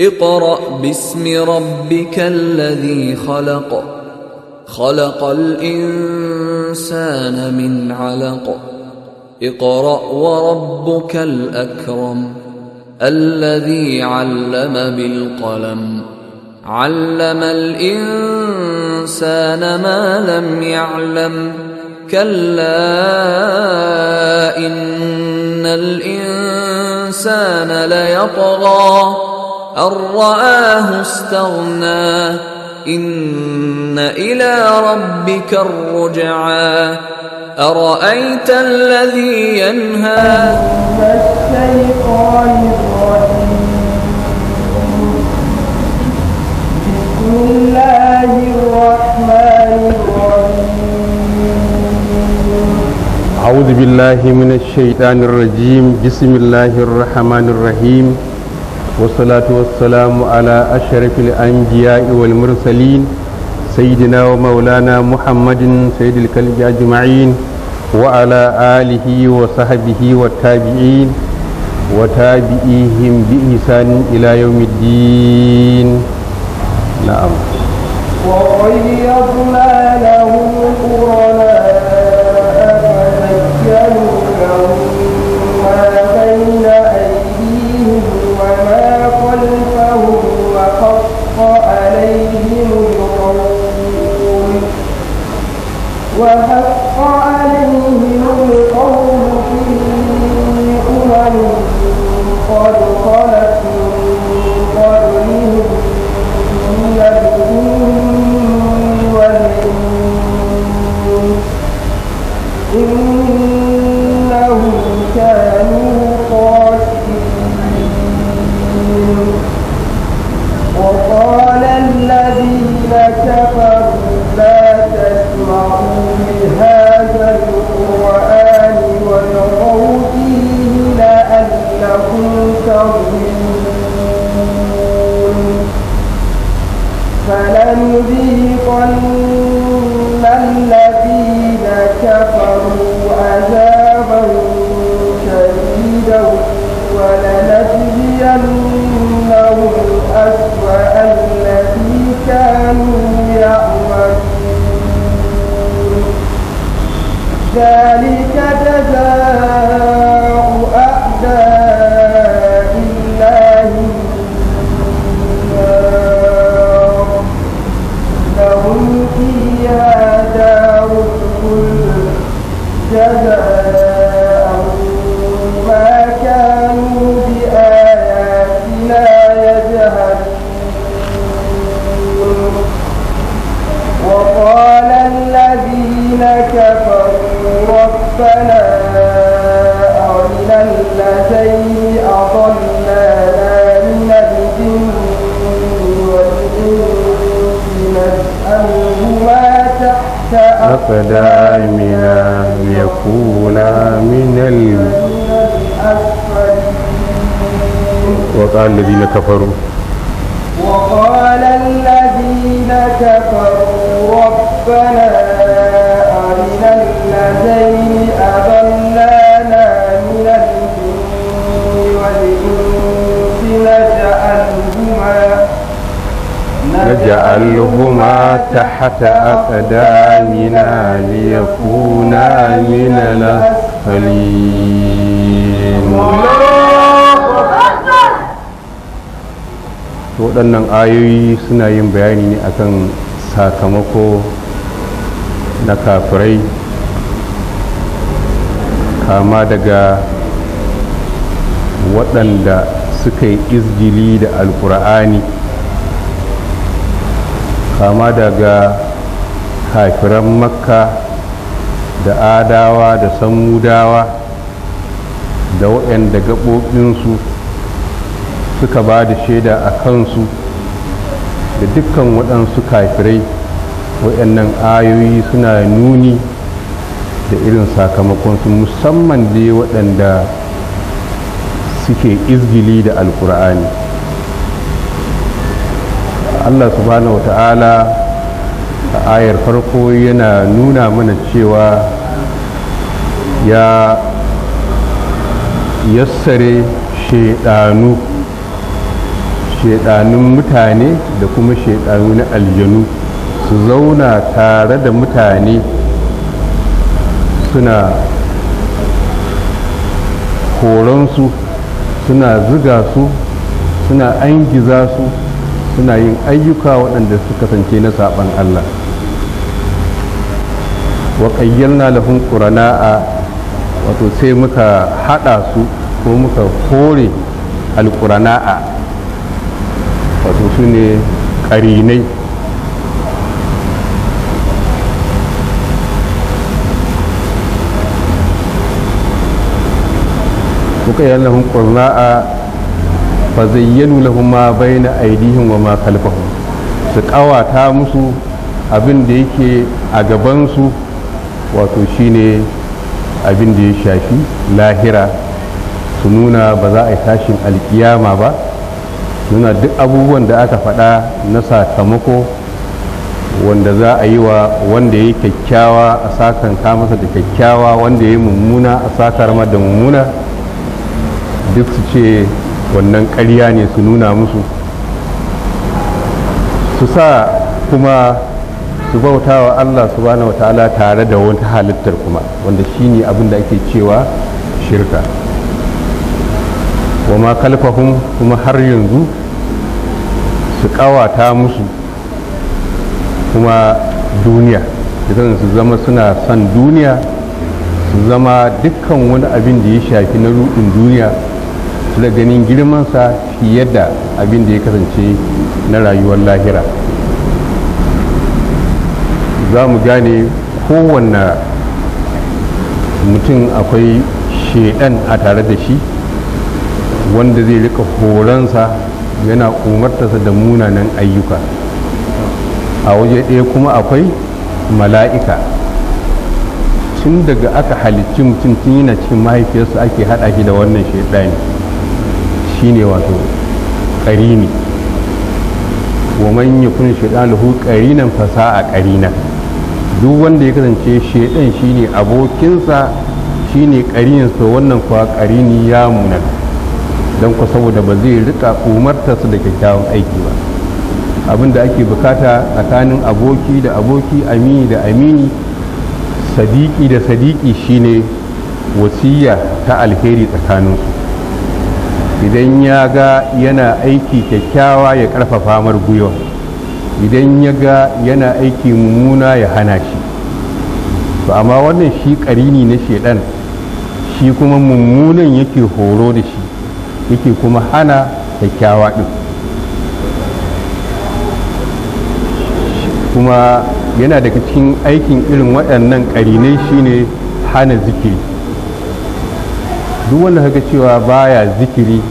اقرأ باسم ربك الذي خلق خلق الإنسان من علق اقرأ وربك الأكرم الذي علم بالقلم علم الإنسان ما لم يعلم كلا إن الإنسان ليطغى أن رآه استغنى إن إلى ربك الرجعى أرأيت الذي ينهى الشيطان بسم الله الرحمن الرحيم أعوذ بالله من الشيطان الرجيم بسم الله الرحمن الرحيم والصلاة والسلام على أشرف الأنبياء والمرسلين سيدنا ومولانا محمد سيد الكلب أجمعين وعلى آله وصحبه والتابعين وتابعيهم بإحسان إلى يوم الدين نعم وغيظ لهم فيها جزاء ما كانوا بآياتنا يجهلون وقال الذين كفروا ربنا أقدامنا ليكونا من ال وقال الذين كفروا وقال الذين كفروا ربنا أرنا الذين أضلانا من الجن والإنس نجعلهما نجعلهما تحت أقدامنا ليكونا من الأسفلين waɗannan ayoyi suna yin bayani ne akan sakamako na kafirai kama daga waɗanda suka yi izgili da alkur'ani kama daga kafiran makka da adawa da samudawa da waɗanda gaɓoɓinsu suka ba da shaida a kansu da dukkan waɗansu kafirai waɗannan ayoyi suna nuni da irin sakamakonsu musamman dai waɗanda suke izgili da alƙur'ani. allah subhanahu wata'ala a ayar farko yana nuna mana cewa ya yassare shaidanu shaidanun mutane da kuma shaidanu na aljanu su zauna tare da mutane suna horonsu suna ziga su suna angiza su suna yin ayyuka waɗanda su kasance na saɓan Allah wa ƙayyarna lahun ƙurana'a wato sai muka haɗa su ko muka kore alƙurana'a wato su ne ƙarinai muka yi lahun ƙurana'a fa zayyanu lahum ma bayna aydihim wa ma khalfahum su kawata musu abin da yake a gabansu wato shine abin da ya shafi lahira su nuna ba za a yi tashin alkiyama ba nuna duk abubuwan da aka faɗa na sakamako wanda za a yi wa wanda ya yi kyakkyawa a sakan masa da kyakkyawa wanda ya yi mummuna a sakar da mummuna duk su ce wannan ƙarya ne su nuna musu su sa kuma su bauta wa allah subhanahu wa ta'ala tare da wata halittar kuma wanda shine ne da ake cewa shirka wa ma kalfahun kuma har yanzu su kawata musu kuma duniya idan su zama suna son duniya su zama dukkan wani abin da ya shafi na rudin duniya suna ganin girmansa fiye da abin da ya kasance na rayuwar lahira za mu gane kowanne mutum akwai shaidan a tare da shi wanda zai rika horonsa yana umartarsa da munanan ayyuka a waje ɗaya kuma akwai mala'ika tun daga aka halicci mutum tun yana cikin mahaifiyarsa ake haɗa shi da wannan shaidani shine wato ƙarini wa man yakun shaidanuhu ƙarinan fasa'a ƙarinan duk wanda ya kasance shaidan shine abokinsa shine ƙarinin to wannan kuwa ƙarini ya muna don ku saboda ba zai rika su da kyakkyawan aiki ba abin da ake bukata tsakanin aboki da aboki amini da amini sadiki da sadiki shine wasiya ta alheri tsakaninsu idan ya ga yana aiki kyakkyawa ya karfafa mar idan ya ga yana aiki mummuna ya hana shi to amma wannan shi karini na shedan shi kuma mummunan yake horo da shi yake kuma hana kyakkyawa ɗin kuma yana daga cikin aikin irin waɗannan ƙarinai shine hana zikiri duk wanda kaga cewa baya zikiri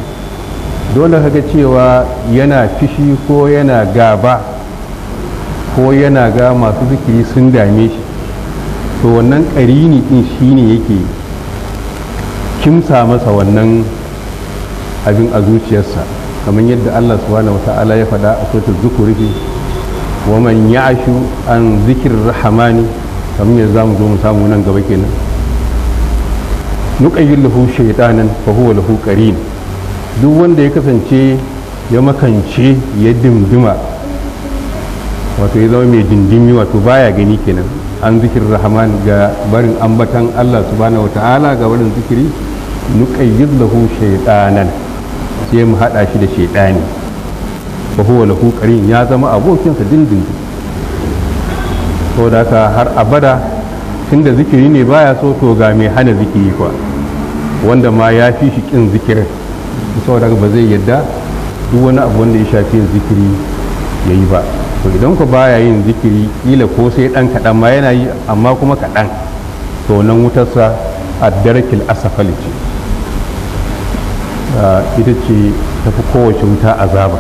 dole kaga cewa yana fishi ko yana gaba ko yana ga masu zikiri sun dame shi to wannan ƙarini ɗin shine yake kimsa masa wannan abin a zuciyarsa kamar yadda allah subhanahu wa ta'ala ya faɗa a sautar zukurifi wa man ya ashu an zikir rahamani kamar yadda za mu zo mu samu nan gaba kenan nukayin lahu shaytanan fahuwa lahu duk wanda ya kasance ya makance ya dimdima wato ya zama mai dindimi wato baya gani kenan an zikir rahman ga barin ambatan Allah subhanahu wata'ala ga barin zikiri nukayin lahu shaitanan sai mu hada shi da shaitani ne huwa lahu ya zama abokinsa dindindin saboda haka har abada tunda zikiri ne baya so to ga mai hana zikiri kuwa wanda ma ya fi shi kin zikirin saboda ba zai yadda duk wani abu wanda ya shafi yin zikiri ya yi ba to idan ku baya yin zikiri ila ko sai dan kaɗan ma yana yi amma kuma kaɗan to nan wutarsa addarakil asafali ce ah, ita ce ta fi kowace wuta azaba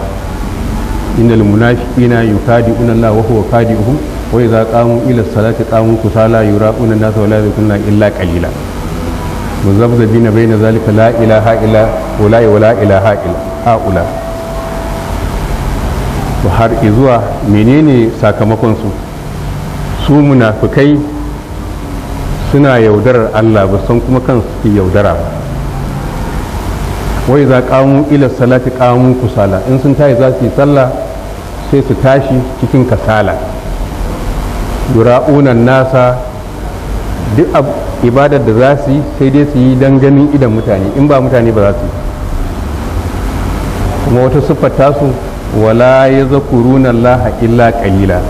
inda munafiqina yukadi'una Allah wa huwa kadi'uhum wai za qamu ila salati qamu kusala yura unan nasa wa la yakununa illa qalila muzabzabina bayna zalika la ilaha illa ulai wa la ilaha illa haula menene sakamakon su su munafikai suna yaudarar Allah ba san kuma kan ke yaudara wai za kamu ila salati kamu kusala in sun tayi za su yi sallah sai su tashi cikin kasala dura'unan nasa duk ibadar da za su yi sai dai su yi don ganin idan mutane in ba mutane ba za su yi kuma wata siffata su wala ya zakuru runa laha illa kalila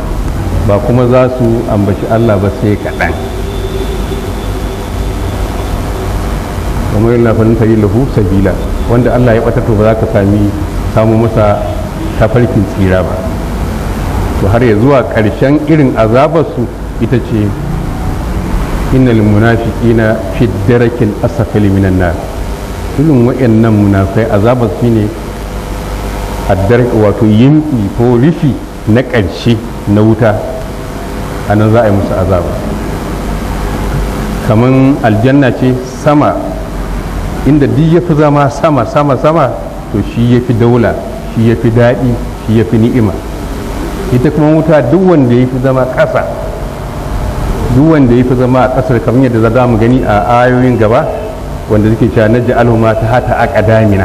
ba kuma za su ambaci allah ba sai kaɗan kuma yana fannin tari lahu sabila wanda allah ya ɓatato ba za ka sami samu masa tafarkin tsira ba to har ya zuwa ƙarshen irin azabarsu ita ce innal munafiqina fi darakil asfali minan nar irin waɗannan munafai azabar su ne addarki wato yimɓi ko rufi na ƙarshe na wuta a nan za a yi musu azaba kamar aljanna ce sama inda duk ya fi zama sama sama sama to shi ya fi daula shi ya fi daɗi shi ya fi ni'ima ita kuma wuta duk wanda ya fi zama ƙasa duk wanda ya fi zama a ƙasar kamar yadda za mu gani a ayoyin gaba wanda suke cewa na alhuma ta hata ƙadamina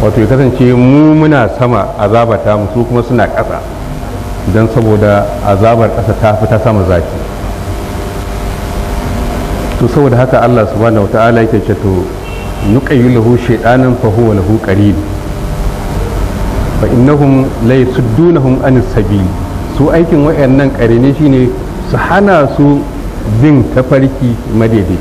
wato ya kasance mu muna sama azaba ta mu kuma suna ƙasa don saboda azabar ƙasa ta fi ta sama zaki to saboda haka Allah subhanahu ala yake ce to yi lahu shaytanan fa lahu lahu qarin fa innahum la yasuddunahum anis sabi su aikin wayannan shi shine su hana su bin tafarki madaidaici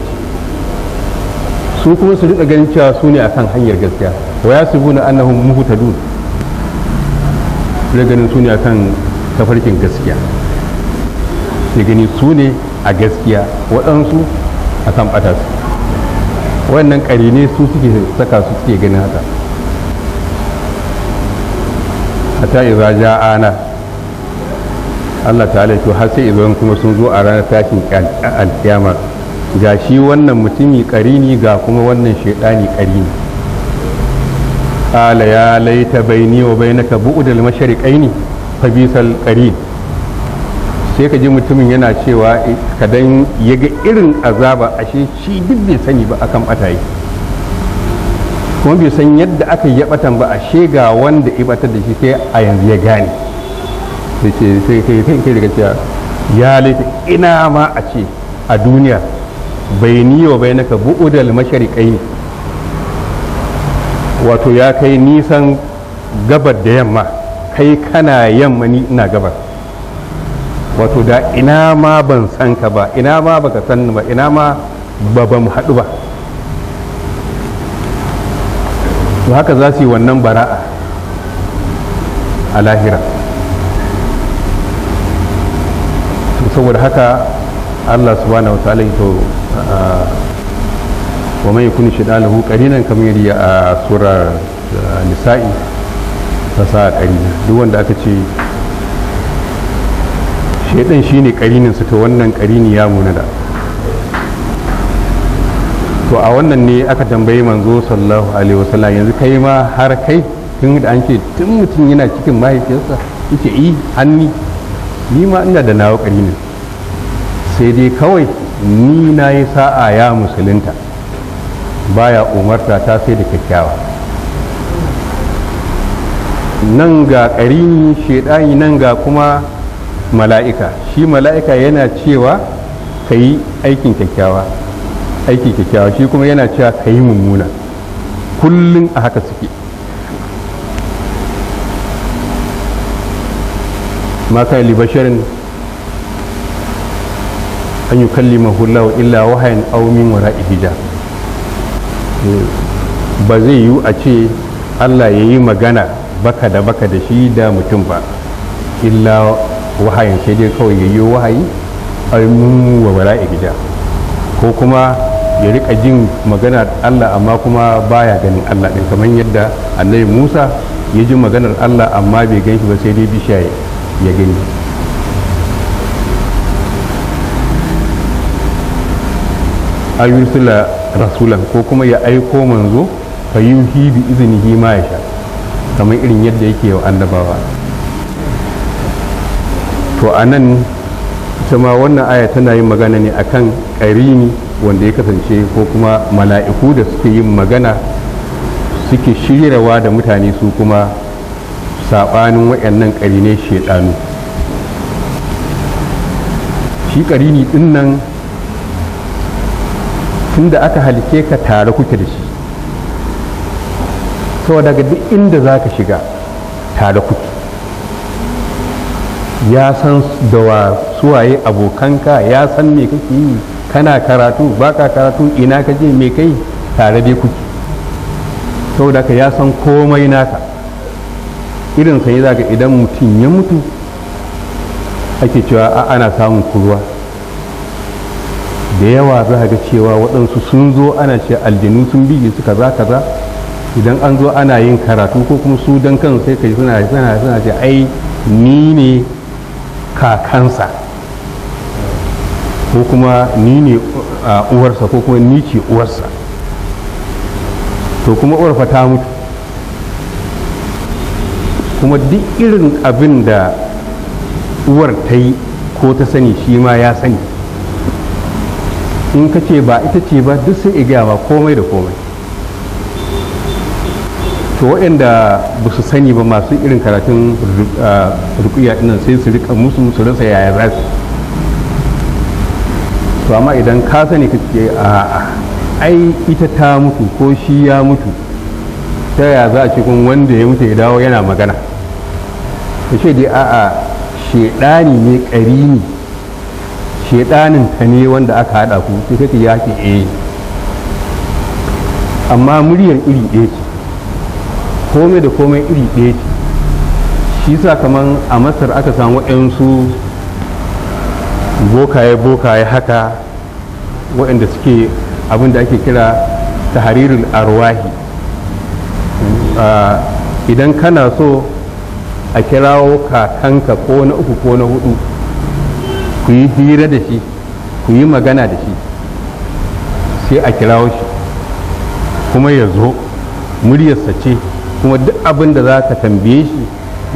su kuma su rika ganin cewa su ne akan hanyar gaskiya wa ya subu na annahum muhtadun su ganin su ne kan tafarkin gaskiya su gani su ne a gaskiya waɗansu a kan ɓata su wannan ne su suke saka su suke ganin haka hatta iza ja'ana Allah ta'ala to har sai idan kuma sun zo a ranar tashin alkiyama ga shi wannan mutumi karini ga kuma wannan shaidani karini qala ya laita baini wa bainaka bu'dal mashariqaini fa bisal qarin sai ka ji mutumin yana cewa eh, kadan ya ga irin azaba ashe shi duk bai sani ba akan bataye kuma bai san yadda aka yi batan ba ashe ga wanda ibatar da shi sai a yanzu ya gane sai ya ina ma a ce a duniya bai niyo bai naka bu'udal mashariƙai wato ya kai nisan gabar da yamma kai kana yamma ni ina gabar wato da ina ma ban san ka ba ina ma baka san ba ina ma ba ba mu haɗu ba to haka za su yi wannan bara'a a lahira saboda haka Allah subhanahu wa ta'ala to wa mai kuni shi ɗalibu karinan kamar yadda a surar nisa'i ta sa a karina duk wanda aka ce shaidan ne karinin su ta wannan karini ya da to a wannan ne aka tambayi manzo sallallahu alaihi wasallam yanzu kai ma har kai tun da an ce tun mutum yana cikin mahaifiyarsa yake yi hanni ni ma ina da nawa karinin sai dai kawai ni na yi sa'a ya musulunta baya umarta ta sai da kyakkyawa nan ga ƙarini shaidani nan ga kuma mala'ika shi mala'ika yana cewa ka yi aikin kyakkyawa aiki kyakkyawa shi kuma yana cewa ka yi mummuna kullum a haka suke maka libashirin an yukallimahu Allah illa wahayin aumin min wara'i hijab ba zai yiwu a ce Allah ya yi magana baka da baka da shi da mutum ba illa wahayin sai dai kawai ya yi wahayi aumin wa wara'i hijab ko kuma ya rika jin magana Allah amma kuma baya ganin Allah ɗin kamar yadda annabi Musa ya ji maganar Allah amma bai gan shi ba sai dai bishiya ya gani ayyusula rasulan ko kuma ya aiko manzo fa yuhi bi iznihi ma yasha kamar irin yadda yake wa annabawa to anan ita ma wannan aya tana yin magana ne akan ƙarini wanda ya kasance ko kuma mala'iku da suke yin magana suke shirarwa da mutane su kuma saɓanin waɗannan ƙarine shaidanu shi ƙarini ɗin nan inda aka halice ka tare kuke da shi to daga duk inda za ka shiga tare kuke ya san da suwaye abokanka ya san me kake yi kana karatu baka karatu ina ka je me kai tare dai kuke saboda ka ya san komai naka irin sai za ga idan mutum ya mutu ake cewa ana samun kurwa da yawa za ga cewa waɗansu sun zo ana ce aljanu sun bige su kaza kaza idan an zo ana yin karatu ko kuma su dan kan sai kai suna suna suna ce ai ni ne kakansa ko kuma ni ne uwarsa ko kuma ni ce uwarsa to kuma uwar ta mutu kuma duk irin abin da uwar ta yi ko ta sani shi ma ya sani in ka ce ba ita ce ba duk sai igiya ba komai da komai to waɗanda ba su sani ba masu irin karatun rukuya ɗinan sai su rika musu musu rasa yaya za su to amma idan ka sani ka ce a ai ita ta mutu ko shi ya mutu ta yaya za a cikin wanda ya mutu ya dawo yana magana ka ce dai a'a shaidani ne ƙari ne. shedanin ta ne wanda aka hada ku sai kake ya ke eh. amma muryar iri ɗaya ce komai da komai iri ɗaya ce shi sa kamar a masar aka samu waɗansu bokaye-bokaye haka waɗanda suke abin da ake kira ta haririn arwahi idan kana so a kirawo kakanka ko na uku ko na hudu ku yi hira da shi ku yi magana da shi sai a kirawo shi kuma ya zo muryarsa ce kuma duk abin da za ka tambaye shi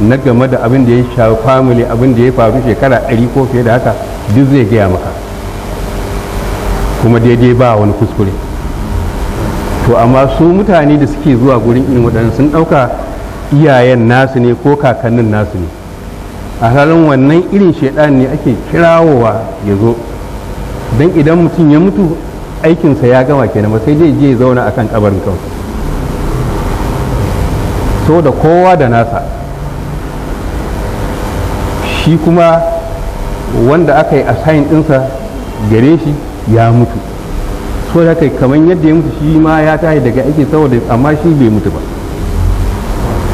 na game da abin da ya shafi family abin da ya faru shekara ɗari ko fiye da haka duk zai gaya maka kuma daidai ba wani kuskure to amma su mutane da suke zuwa gurin irin waɗannan sun ɗauka iyayen nasu ne ko kakannin nasu ne a halin wannan irin shaiɗa ne ake kirawowa ya zo don idan mutum ya mutu aikinsa ya gama kenan ba sai dai je ya zauna kan kabarin kawai so da kowa da nasa shi kuma wanda aka yi assign ɗinsa gare shi ya mutu so da kai kamar yadda ya mutu shi ma ya tashi daga aiki saboda amma shi bai mutu ba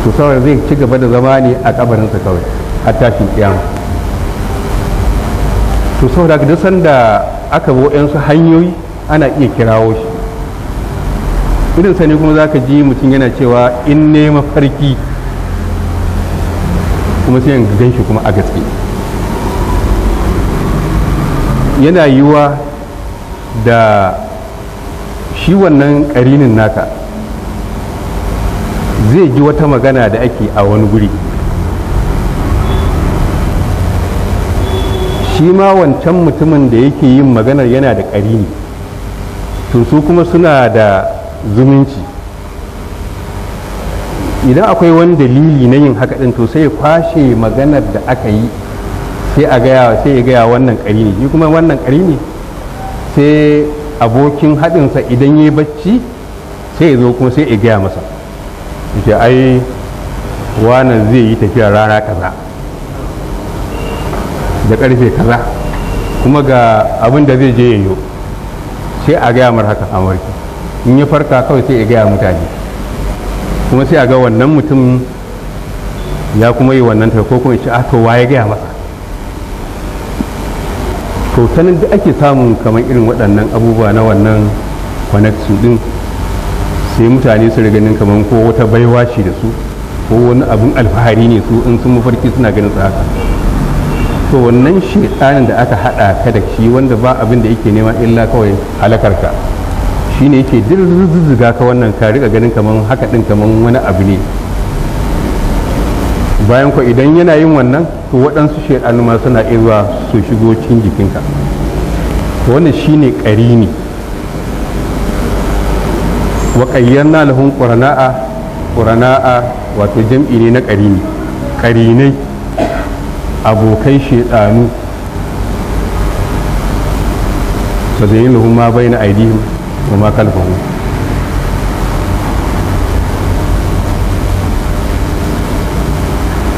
to saboda zai ci gaba da zama ne a kabarinsa kawai a tashin kiyama to saboda duk sanda aka bo yansu hanyoyi ana iya kirawo shi irin sani kuma za ka ji mutum yana cewa in ne mafarki kuma sai gan shi kuma a gaske yana yiwa da shi wannan ƙarinin naka zai ji wata magana da ake a wani guri shi ma wancan mutumin da yake yin maganar yana da ne to su kuma suna da zumunci idan akwai wani dalili na yin haka ɗin to sai kwashe maganar da aka yi sai a gaya sai ya gaya wannan ƙarini shi kuma wannan ƙarini sai abokin haɗinsa idan ya yi bacci sai ya zo kuma sai ya gaya masa yake ai wannan zai yi tafiya rana kaza da karfe kaza kuma ga abin da zai je ya yi sai a gaya mar haka amurki in ya farka kawai sai ya gaya mutane kuma sai a ga wannan mutum ya kuma yi wannan ko kuma shi ah, to wa ya gaya masa to sanin da ake samun kamar irin waɗannan abubuwa na wannan connection din sai mutane su ganin kamar ko wata baiwa shi da su ko wani abin alfahari ne su in sun mafarki suna ganin tsaka. to wannan shedanin da aka hada ka da shi wanda ba abin da yake nema illa kawai halakarka ne yake dirzuzzuga ka wannan ka riga ganin kamar haka din kamar wani abu ne bayan ku idan yana yin wannan to waɗansu shaidanu ma suna irwa su shigo cikin jikinka to wannan shine ƙari ne waƙayyar na qurana'a qurana'a wato jam'i ne na ƙari ne. abokai shaidanu ba zai yi ma bai na aidihim ba ma kalfahu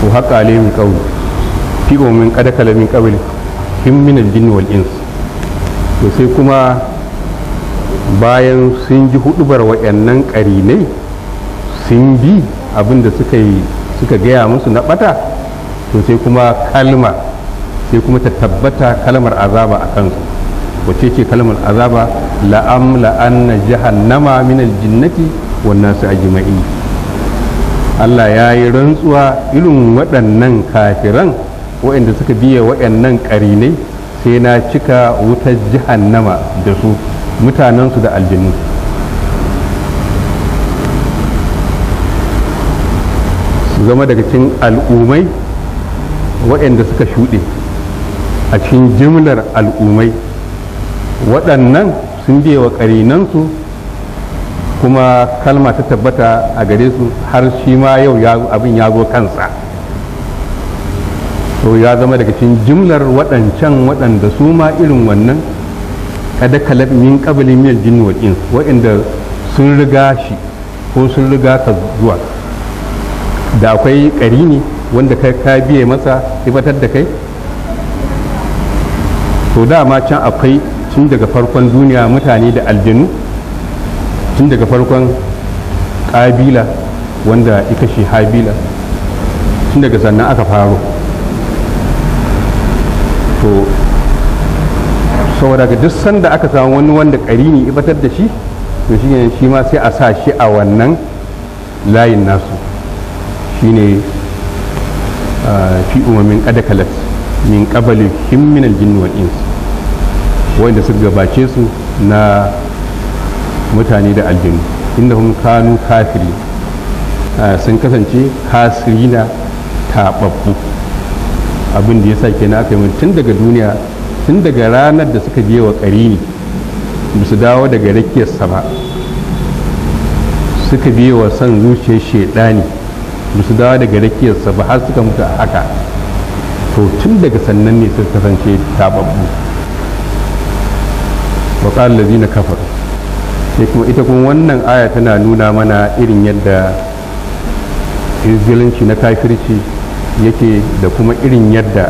ko haƙa alayhim qawli fi umin min ƙada kalamin min al-jinn wal ins to sai kuma bayan sun ji hudubar ƙari ƙarinai sun bi abinda suka suka gaya musu na ɓata to sai kuma kalma sai kuma ta tabbata kalmar azaba a kansu wace ce kalmar azaba la'am la'anna jahannama min aljinnati su a ajma'i Allah ya yi rantsuwa irin waɗannan kafiran waɗanda suka biya waɗannan ƙarinai sai na cika wutar jahannama da su mutanensu da aljinnu su zama daga cikin al'umai waɗanda suka shuɗe a cikin jimlar al'ummai waɗannan sun biya wa ƙarinansu kuma kalma ta tabbata a gare su har shi ma yau abin ya zo kansa to ya zama daga cikin jimlar waɗancan waɗanda su ma irin wannan kada kalab min miyar jinni waƙin waɗanda sun riga shi ko sun riga ka zuwa da akwai ƙari ne. wanda kai ka biye masa ibatar da kai to dama can akwai tun daga farkon duniya mutane da aljanu tun daga farkon kabila wanda ita shi habila tun daga sannan aka faro to saboda ga duk sanda aka samu wani wanda ne ibatar da shi to shi shi ma sai a sa shi a wannan layin nasu shine fi umamin adakalat min kabali himmin aljinni wal ins wanda suka gabace su na mutane da aljinu kuma kanu kafiri sun kasance kasirina tababbu abin da ya sa kenan aka yi tun daga duniya tun daga ranar da suka je wa ne ba su dawo daga rakiyarsa sama suka biye wa son zuciyar shaidani ba su dawo daga rakiyarsa ba har suka mutu a haka to tun daga sannan ne suka kasance tababbu wa qala allazina kafaru sai kuma ita kuma wannan aya tana nuna mana irin yadda izgilinci na kafirci yake da kuma irin yadda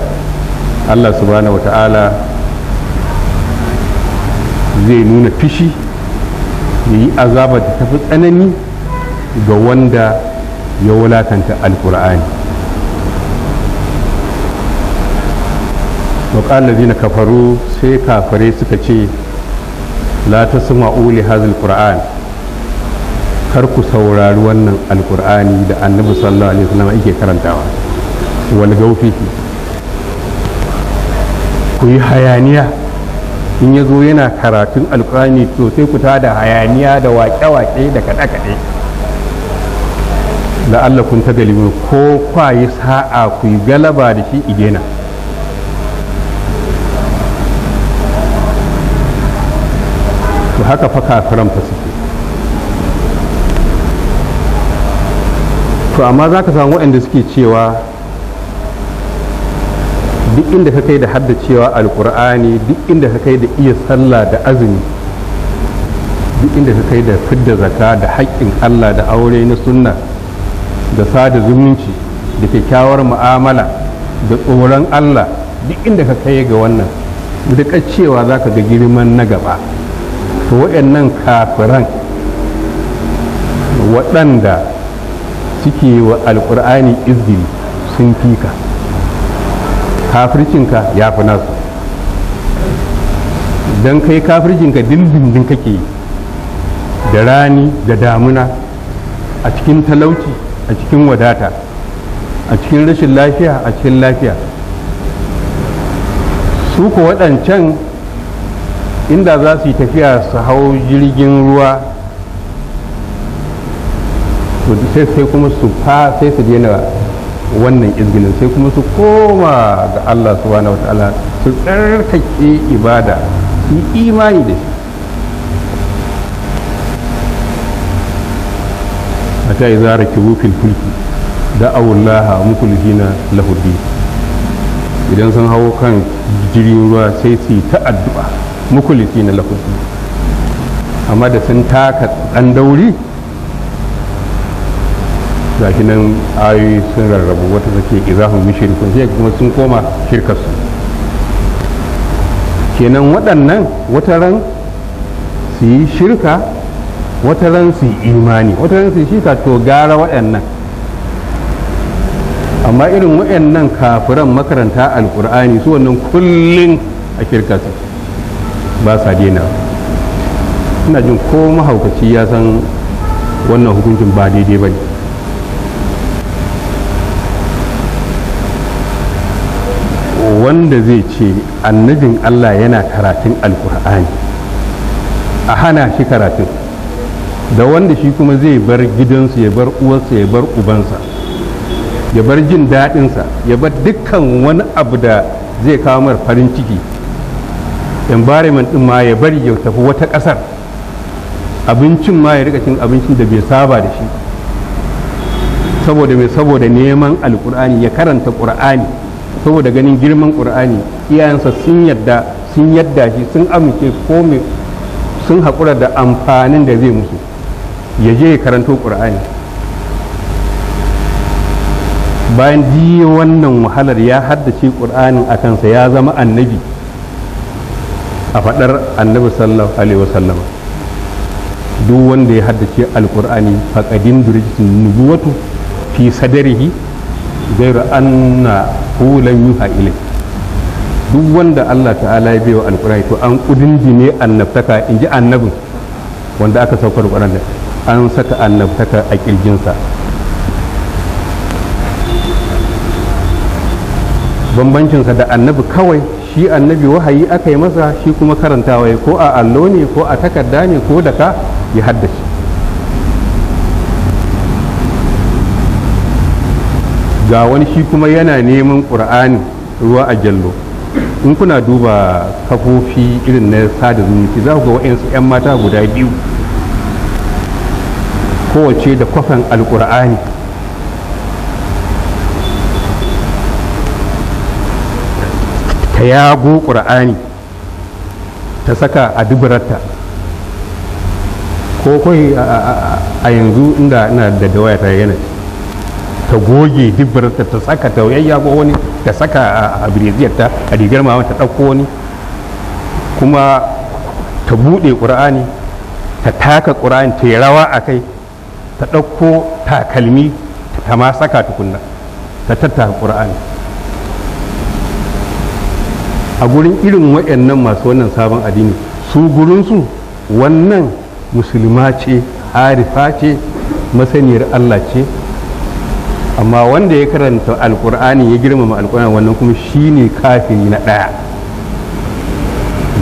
allah subhanahu wata'ala zai nuna fishi ya yi azaba ta tafi tsanani ga wanda ya wulakanta alkur'ani waƙalazi na kafaru sai kafare suka ce la ta suma uli hazil qur'an kar ku saurari wannan alkur'ani da annabi sallallahu alaihi wasallam yake karantawa wal gaufihi ku yi hayaniya in ya zo yana karatun alkur'ani to sai ku tada hayaniya da waƙe-waƙe da kaɗe-kaɗe kun ta galibi ko kwayi sa'a ku yi galaba da shi idena to haka fa kafiran fa suke to amma za ka samu waɗanda suke cewa duk inda ka kai da haddacewa alkur'ani duk inda ka kai da iya sallah da azumi duk inda ka kai da fidda zaka da haƙƙin allah da aure na sunna da sada zumunci da kyakkyawar mu'amala da tsoron Allah duk inda ka kai ga wannan duka cewa za ka ga girman na gaba to waɗannan kafiran waɗanda suke wa alƙur'ani izini sun fika kafircinka ya fi nasu don kai kafircinka dindindin kake da rani da damuna a cikin talauci a cikin wadata a cikin rashin lafiya a cikin lafiya su ku waɗancan inda za su yi tafiya su hau jirgin ruwa sai sai kuma su fa sai su daina wannan izginin sai kuma su koma ga Allah subhanahu wa ta'ala su tsarkake ibada su yi imani da shi hatta idza rakibu fil fulki da'aw Allah mukhlisina lahudi idan sun hau kan jirgin ruwa sai su ta addu'a mukhlisina lahudi amma da sun taka ɗan dauri shi nan ayoyi sun rarrabu wata take izahun mushrikun sai kuma sun koma shirkarsu kenan waɗannan wata ran su yi shirka wata ran su imani wata ran shi ka to gara waɗannan amma irin waɗannan kafiran makaranta alkur'ani su wannan kullum a kirkasu su ba sa dina ina jin ko mahaukaci ya san wannan hukuncin ba daidai ba ne wanda zai ce annabin Allah yana karatun alkur'ani a hana shi karatun da wanda shi kuma zai bar gidansu ya bar uwarsa ya bar ubansa ya bar jin daɗinsa ya bar dukkan wani abu da zai kawo mar farin ciki environment ɗin ma ya bari ya tafi wata ƙasar abincin ma ya rika cin abincin da bai saba da shi saboda mai saboda neman alƙur'ani ya karanta ƙur'ani saboda ganin girman ƙur'ani iyayensa sun yadda sun yadda shi sun amince ko sun haƙura da amfanin da zai musu ya je ya karanto ƙur'ani bayan jiye wannan wahalar ya haddace ƙur'anin a kansa ya zama annabi a faɗar annabi sallallahu alaihi duk wanda ya haddace alƙur'ani faƙadin durijitin nubuwatu fi sadarihi gairu anna hulan yuha ilai duk wanda Allah ta'ala ya bai wa alƙur'ani to an ƙudin ne annabtaka in ji annabin wanda aka saukar ƙur'ani an saka annabtaka a ƙirjinsa bambancinsa da annabi kawai shi annabi wahayi aka yi masa shi kuma karantawa ya ko a allo ne ko a takarda ne ko da ka ya haddace ga wani shi kuma yana neman ƙur'ani ruwa a jallo in kuna duba kafofi irin na sada zumunci za ku ga wa'yansu 'yan mata guda biyu kowace da kwafin alkur'ani ta yago ƙur'ani ta saka a duburarta ko kai a yanzu inda ina da dawaya ta yana ta goge duburarta ta saka ta yayyago wani ta saka a birziyarta a rigar mawa ta ɗauko wani kuma ta buɗe ƙur'ani ta taka ƙur'ani ta yi rawa a kai ta ɗauko takalmi ta ma saka tukunna ta tattara ƙur'ani a gurin irin waɗannan masu wannan sabon addini su gurinsu wannan musulma ce arifa ce masaniyar allah ce amma wanda ya karanta alkur'ani ya girmama alkur'ani wannan kuma shine kafiri na ɗaya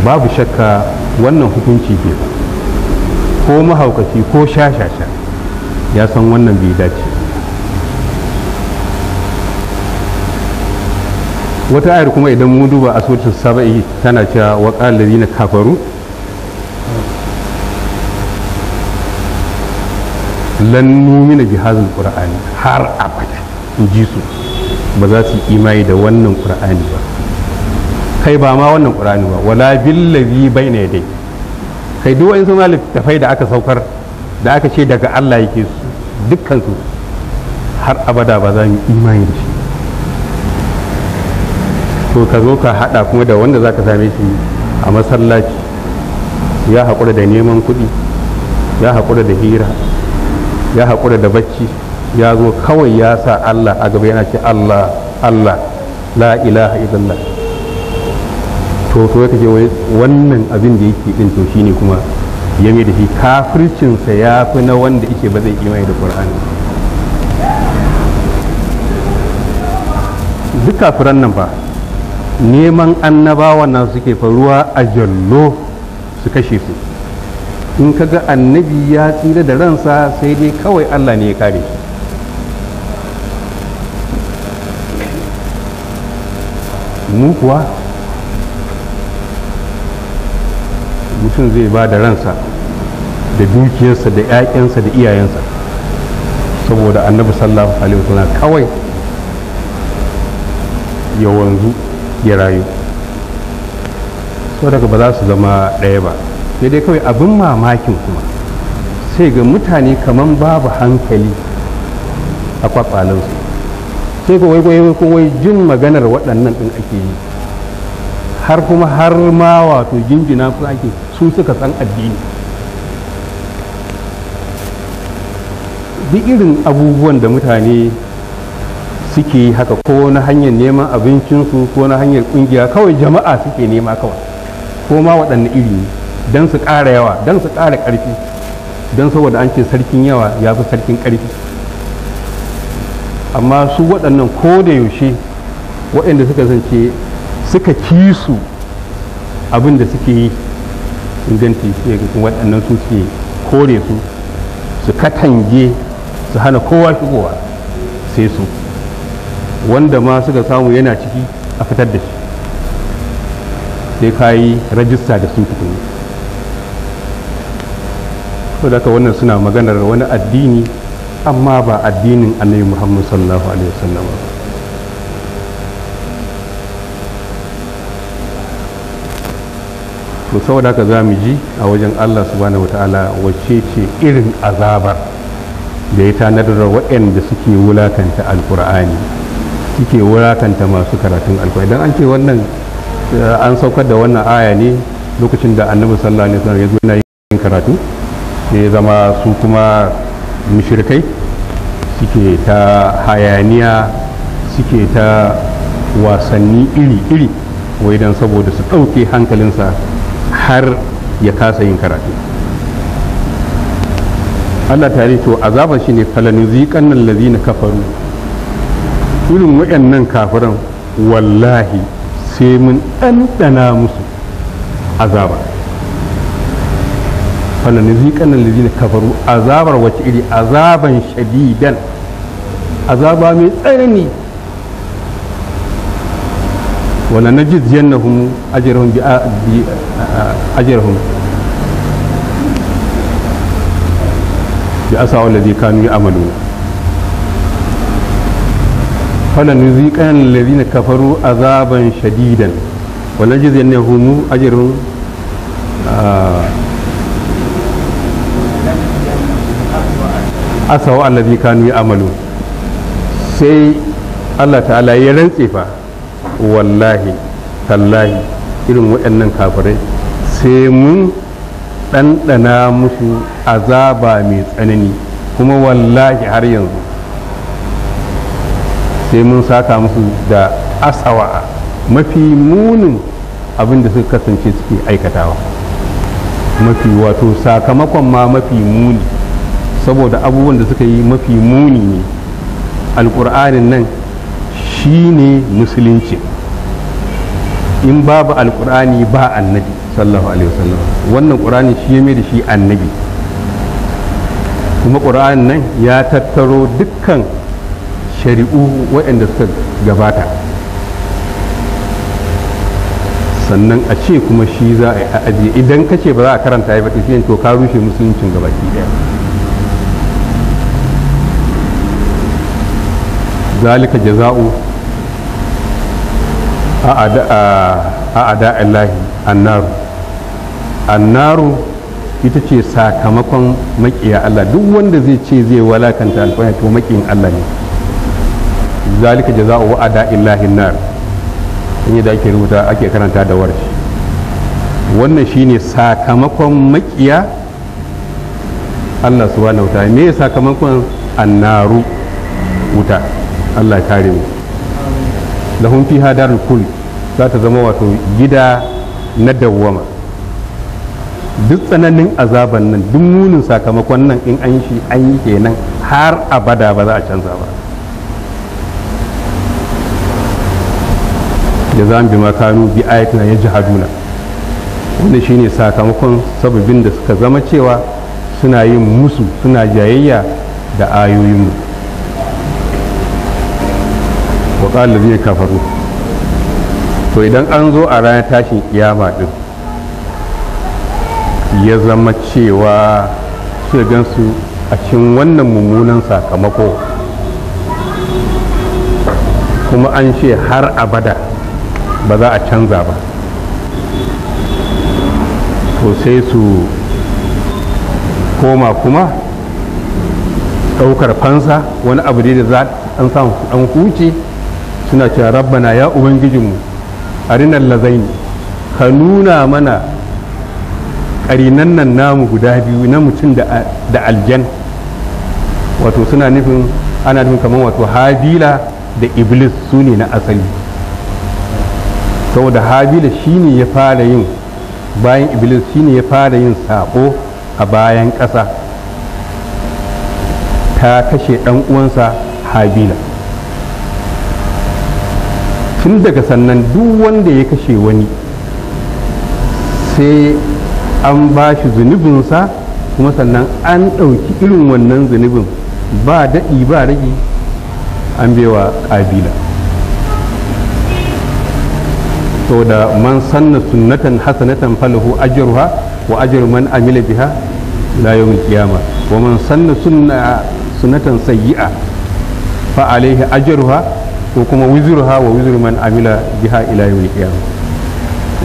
babu shakka wannan hukunci ke ko mahaukaci ko shashasha ya san wannan bai dace wata ayar kuma idan mu duba a sautin saba'i tana cewa waƙar na kafaru lan numina bi hazin ƙura'ani har abada in ji su ba za su imani da wannan ƙura'ani ba kai ba ma wannan ƙura'ani ba wala billazi na yadai kai duk in sun littafai da aka saukar da aka ce daga Allah yake su dukkansu har abada ba za mu imani da shi to ka zo ka hada kuma da wanda za ka same shi a masallaci ya haƙura da neman kuɗi ya haƙura da hira ya haƙura da bacci ya zo kawai ya sa Allah a gaba yana ce Allah Allah la ilaha illallah to to kake wannan abin da yake din to shine kuma ya da shi kafircinsa ya fi na wanda yake ba zai imai da ƙwar'ani duk kafiran nan ba neman annabawa na suke faruwa a jallo su kashe su in ka ga annabi ya tsira da ransa sai dai kawai allah ne ya kare shi mu kuwa mutum zai ba da ransa da dukiyarsa da 'ya'yansa da iyayensa saboda annabi sallallahu alaihi wasallam kawai ya wanzu ya rayu daga ba za su zama ɗaya ba sai dai kawai abin mamakin kuma sai ga mutane kamar babu hankali a kwakwalansu sai ga wai wai jin maganar waɗannan ɗin ake yi har kuma har ma wato jinjina su ake su suka san addini duk irin abubuwan da mutane suke haka ko na hanyar neman abincinsu ko na hanyar kungiya kawai jama'a suke nema kawai ko ma waɗanne iri don su ƙara yawa don su ƙara ƙarfi don saboda an ce sarkin yawa ya fi sarkin ƙarfi amma su waɗannan ko da yaushe waɗanda suka zance suka ci su abin da suke yi inganci waɗannan su ke kore su su katange su hana kowa shigowa sai su wanda ma suka samu yana ciki a fitar da shi sai ka yi rajista da su fito ko da wannan suna maganar wani addini amma ba addinin annabi muhammadu sallallahu alaihi wasallam to saboda ka za mu ji a wajen allah subhanahu wataala wacce ce irin azabar da ya tanadar waɗanda suke wulakanta alkur'ani suke wulakanta masu karatun alkur'ani don an ce wannan eh, an saukar da wannan aya ne lokacin da annabi sallallahu alaihi wasallam ya zo yin karatu ya zama su kuma mushrikai suke ta hayaniya suke ta wasanni iri-iri wai don saboda su ɗauke hankalinsa har ya kasa yin karatu Allah tare to azaban shi ne lazi na kafaru irin wayannan kafiran wallahi sai mun ɗanɗana musu azaba lazi na kafaru azabar wace iri azaban shadidan azaba mai tsanani wala najziyannahum ajrahum bi ajrahum bi asawa allazi kanu ya'maluna fala nuziqan allazina kafaru azaban shadidan wala jazannahum ajrun asawa ah, allazi kanu ya'maluna sai Allah ta'ala ya rantse fa wallahi tallahi irin waɗannan kafirai sai mun ɗanɗana musu azaba mai tsanani kuma wallahi har yanzu sai mun saka musu da asawa mafi munin abin da suka kasance suke aikatawa mafi wato sakamakon ma mafi muni saboda abubuwan da suka yi mafi muni ne alkur'anin nan shi ne musulunci in babu alƙur'ani ba annabi sallallahu alaihi wasallam wannan ƙur'ani shi ya mai da shi annabi kuma ƙura'an nan ya tattaro dukkan shari'u waɗanda suka gabata sannan a ce kuma shi za a ajiye idan ka ce ba za a karanta ya fata shi to ka rushe musuluncin gabaki ɗaya zalika jaza'u a ada'a annaru annaru ita ce sakamakon makiya Allah duk wanda zai ce zai walakanta alfahari to makiyin Allah ne zalika jaza'u wa wa'ada illahi nar in da ake rubuta ake karanta da warshi wannan shine sakamakon makiya Allah subhanahu wa ta'ala me sakamakon annaru wuta Allah kare mu lahum fiha darul kul za ta zama wato gida na dawwama duk tsananin azaban nan duk munin sakamakon nan in an shi an yi kenan har abada ba za a canza ba da za bi makanu bi ayatina ya haduna wanda ne sakamakon sababin da suka zama cewa suna yin musu suna jayayya da ayoyinmu wa zai kafaru to idan an zo a ranar tashin kiyama din ya zama cewa suna gansu a cikin wannan mummunan sakamako kuma an ce har abada ba za a canza ba to sai su koma kuma ɗaukar fansa wani abu da za an samu an huce suna cewa na ya ubangijinmu a rinar lazaini ka nuna mana karinan nan namu guda biyu na mutum da aljan wato suna nufin ana nufin kamar wato habila da iblis su ne na asali saboda habila shi ne ya fara yin bayan iblis shi ne ya fara yin sako a bayan ƙasa ta kashe ɗan uwansa habila tun daga sannan duk wanda ya kashe wani sai an ba shi zunubinsa kuma sannan an ɗauki irin wannan zunubin ba daɗi ba rage an wa ƙabila so da man sanna sunnatan hasanatan falahu ajruha wa ajru man amila biha la yawm qiyama wa man sanna sunna sunnatan sayyi'a fa alaihi ajruha ko kuma wizruha wa wizru man amila biha ila yawm qiyama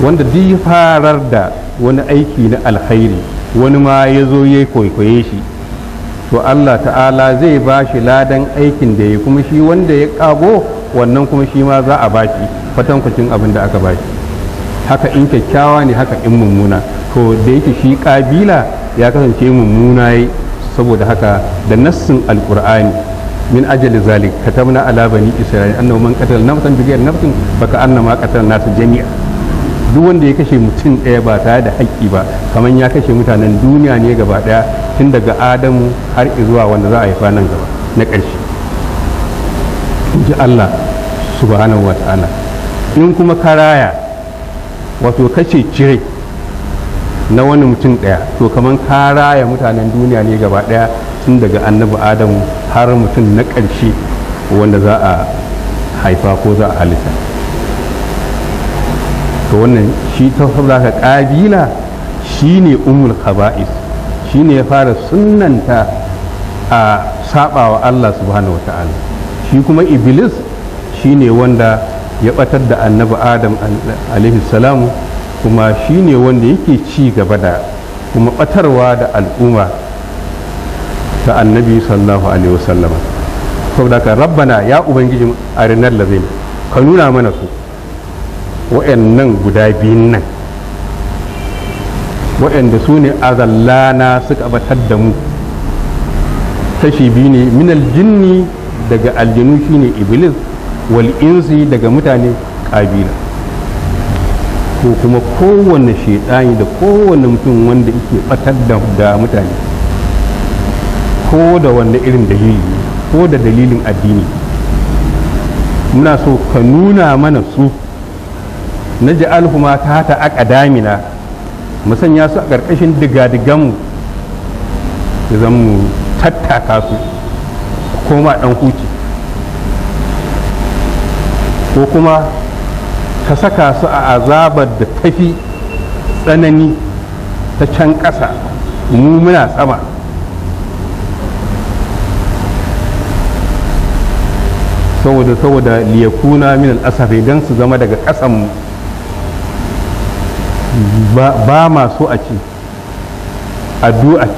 wanda duk farar da wani aiki na alkhairi wani ma ya zo ya kwaikwaye shi to Allah ta'ala zai ba shi ladan aikin da ya kuma shi wanda ya kago wannan kuma shi ma za a bashi kucin abin da aka bashi haka in kyakkyawa ne haka in mummuna to da yake shi kabila ya kasance mummuna yi saboda haka da nassin alkur'ani min ajali zalik katabna ala bani isra'il annahu man qatala nafsan bighayri nafsin baka annama qatala nasu jami'a duk wanda ya kashe mutum ɗaya ba tare da haƙƙi ba kamar ya kashe mutanen duniya ne gaba ɗaya tun daga adamu har zuwa wanda za a haifa nan gaba na ƙarshe ji allah subhanahu wa ta'ala in kuma karaya wato kashe cire na wani mutum ɗaya to kamar karaya mutanen duniya ne gaba ɗaya tun daga annabi adamu har mutum na ƙarshe wanda za a haifa ko za a halitta to wannan shi ta saboda kabila shine umul khaba'is shine ya fara sunanta a sabawa Allah subhanahu wata'ala shi kuma iblis shine wanda ya batar da annabi adam salam kuma shine wanda yake ci gaba da kuma batarwa da al'umma ta annabi sallahu alaihi wasallama saboda ka rabbana ya ubangiji arinar lazim ka nuna mana su wa'annan guda biyun nan wa'anda su ne azallana suka batar da mu tashi biyu ne minal jinni daga aljinu shine iblis wal insi daga mutane kabila ko kuma kowane shaidani da kowane mutum wanda yake batar da mutane ko da wanda irin dalili ko da dalilin addini muna so ka nuna mana su na ji alhuma ta hata damina mu sanya su a ƙarƙashin digadiganmu da zan mu tattaka su koma ɗan huci ko kuma ka saka su a azabar da tafi tsanani ta can ƙasa mu muna sama saboda saboda liyakuna min al'asafi don su zama daga ƙasanmu ba masu a ci a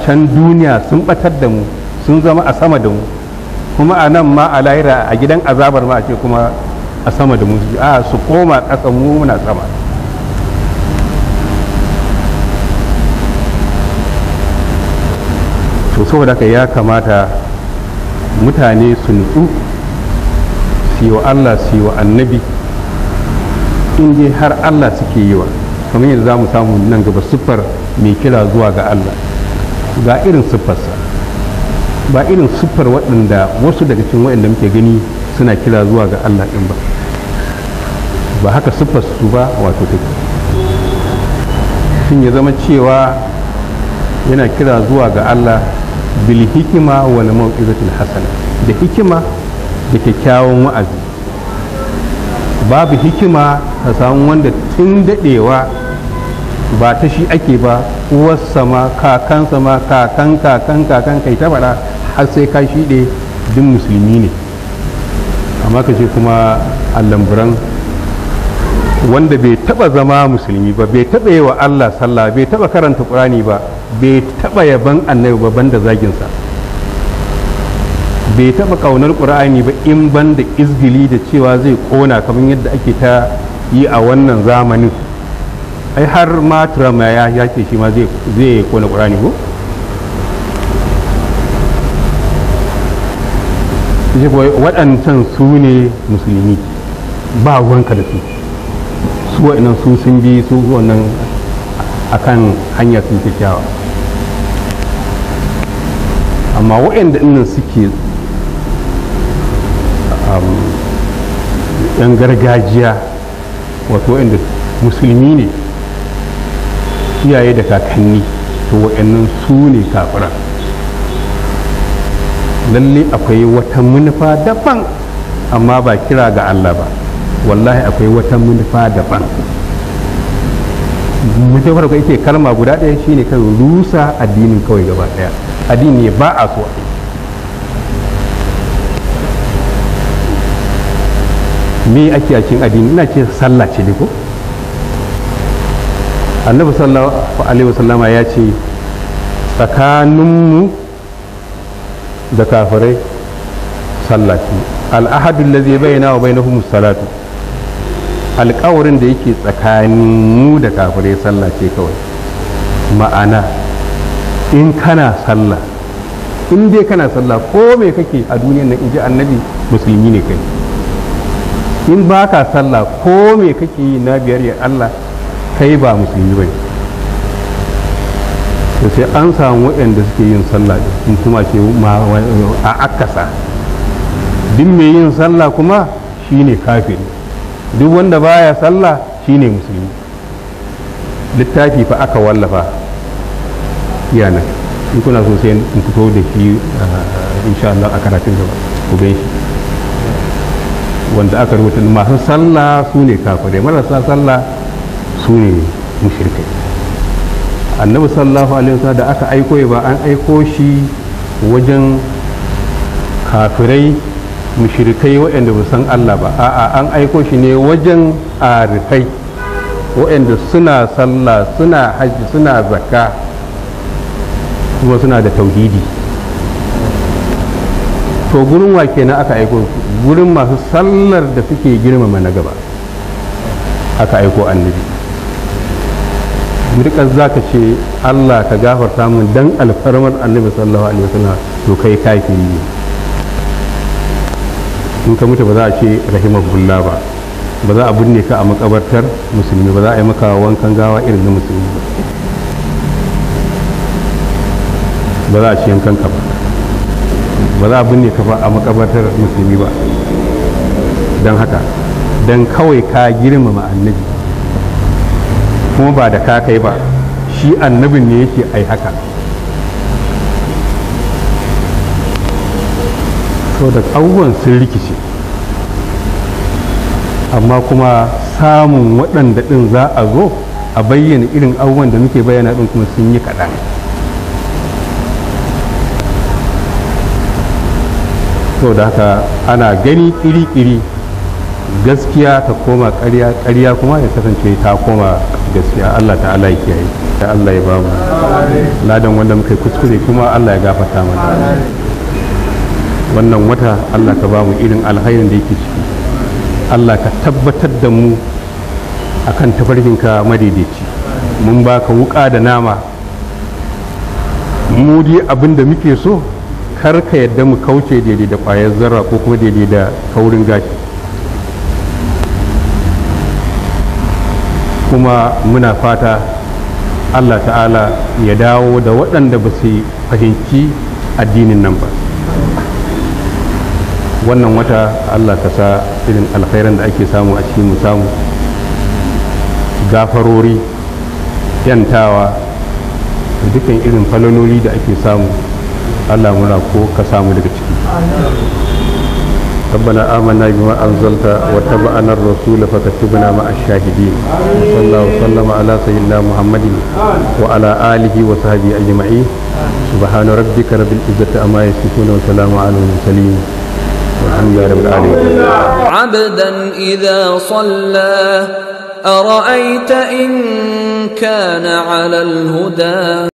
can duniya sun batar da mu sun zama a sama da mu kuma a nan ma a lahira a gidan azabar ma a ce kuma a sama da mu a su koma ƙasa mu muna sama to saboda haka ya kamata mutane su nutsu su yi allah su annabi in har allah suke yi wa kamar yadda za mu samu nan gaba siffar mai kira zuwa ga Allah ga irin siffarsa ba irin siffar waɗanda wasu daga cikin waɗanda muke gani suna kira zuwa ga Allah ɗin ba ba haka siffar su ba wato take shin ya zama cewa yana kira zuwa ga Allah bil hikima wal mau'izatil hasana da hikima da kyakkyawan wa'azi babu hikima a samu wanda tun daɗewa ba ta shi ake ba uwarsa sama kakansa ma kakan kakan kakan kai ta faɗa har sai ka shi ɗe duk musulmi ne amma ka ce kuma allamburan wanda bai taɓa zama musulmi ba bai taɓa yi wa allah sallah bai taɓa karanta ƙurani ba bai taɓa yaban annabi ba banda zaginsa bai taɓa ƙaunar ƙur'ani ba in ban da izgili da cewa zai kona kamar yadda ake ta yi a wannan zamanin ai har ma mai ya yake shi ma zai ƙona ƙura'ani ko waɗancan su ne musulmi ba wanka da su su waɗannan su sun bi su wannan kan hanya sun kyakkyawa amma waɗanda innan suke Um, yan gargajiya wato inda musulmi ne iyaye da kakanni to wa'annan su ne kafiran lalle akwai wata manufa daban amma ba kira ga Allah ba wallahi akwai wata manufa daban mutum farko ita kalma guda ɗaya shine kan rusa addinin kawai gaba ɗaya addini ba a so a yi me ake a cikin addini ina ce sallah ce ne ko annabi sallallahu alaihi wasallama ya ce tsakaninmu da kafirai sallah ce da zai bayyana wa kuma salatu alkawarin da yake tsakaninmu da kafirai sallah ce kawai ma'ana in kana sallah in dai kana sallah ko me kake a duniyan nan in ji annabi musulmi ne kai in ba ka sallah ko me kake yi na biyar ya Allah kai ba musulmi bai to sai an samu waɗanda suke yin sallah in kuma ce a akasa duk mai yin sallah kuma shine kafiri duk wanda baya sallah shine musulmi littafi fa aka wallafa yana in kuna so in fito da shi ah, insha Allah a karatun gaba ku bai shi wanda aka rubuta masu sallah su ne kafirai marasa sallah su ne mushrikai annabi sallallahu alaihi da aka aiko ba an aiko shi wajen kafirai mushrikai waɗanda ba san Allah ba a'a an aiko shi ne wajen arifai waɗanda suna sallah suna hajji suna zakka kuma suna da tauhidi to gurin wa kenan aka aiko gurin masu sallar da suke girmama na gaba aka aiko annabi murkar za ka ce allah ka gafarta mun dan alfarmar annabi sallallahu alaihi wasallam to kai kafiri yi. in ka mutu ba za a ce rahimahullah ba ba za a binne ka a makabartar musulmi ba za a yi maka wankan gawa irin na musulmi ba za a ce yankan ka ba ba za a binne kafa a makabartar musulmi ba don haka don kawai ka girmama annabi kuma ba da ka kai ba shi annabin ne yake ai haka to da abubuwan sun rikice amma kuma samun waɗanda ɗin za a zo a bayyana irin abubuwan da muke bayyana ɗin kuma sun yi kaɗan. da haka ana gani kiri-kiri gaskiya ta koma karya kuma ya kasance ta koma gaskiya Allah ta'ala ya kiyaye da Allah ya bamu ladan wanda muka kuskure kuma Allah ya gafata mana wannan wata Allah ka bamu irin alkhairin da yake ciki Allah ka tabbatar da mu a akan tafarkinka madaidaici mun ba ka wuka da nama mu abin da muke so kar ka yadda mu kauce daidai da kwayar zarra ko kuma daidai da kaurin gashi kuma muna fata allah ta'ala ya dawo da waɗanda ba su fahimci addinin nan ba wannan wata allah ka sa irin alkhairan da ake samu a cikin mu gafarori yantawa dukkan irin falololi da ake samu Allah muna ko ka samu daga ciki ربنا آمنا بما أنزلت واتبعنا الرسول فكتبنا مع الشاهدين وصلى الله وسلم على سيدنا محمد وعلى آله وصحبه أجمعين سبحان ربك رب العزة أما يصفون وسلام على المرسلين والحمد لله رب العالمين عبدا إذا صلى أرأيت إن كان على الهدى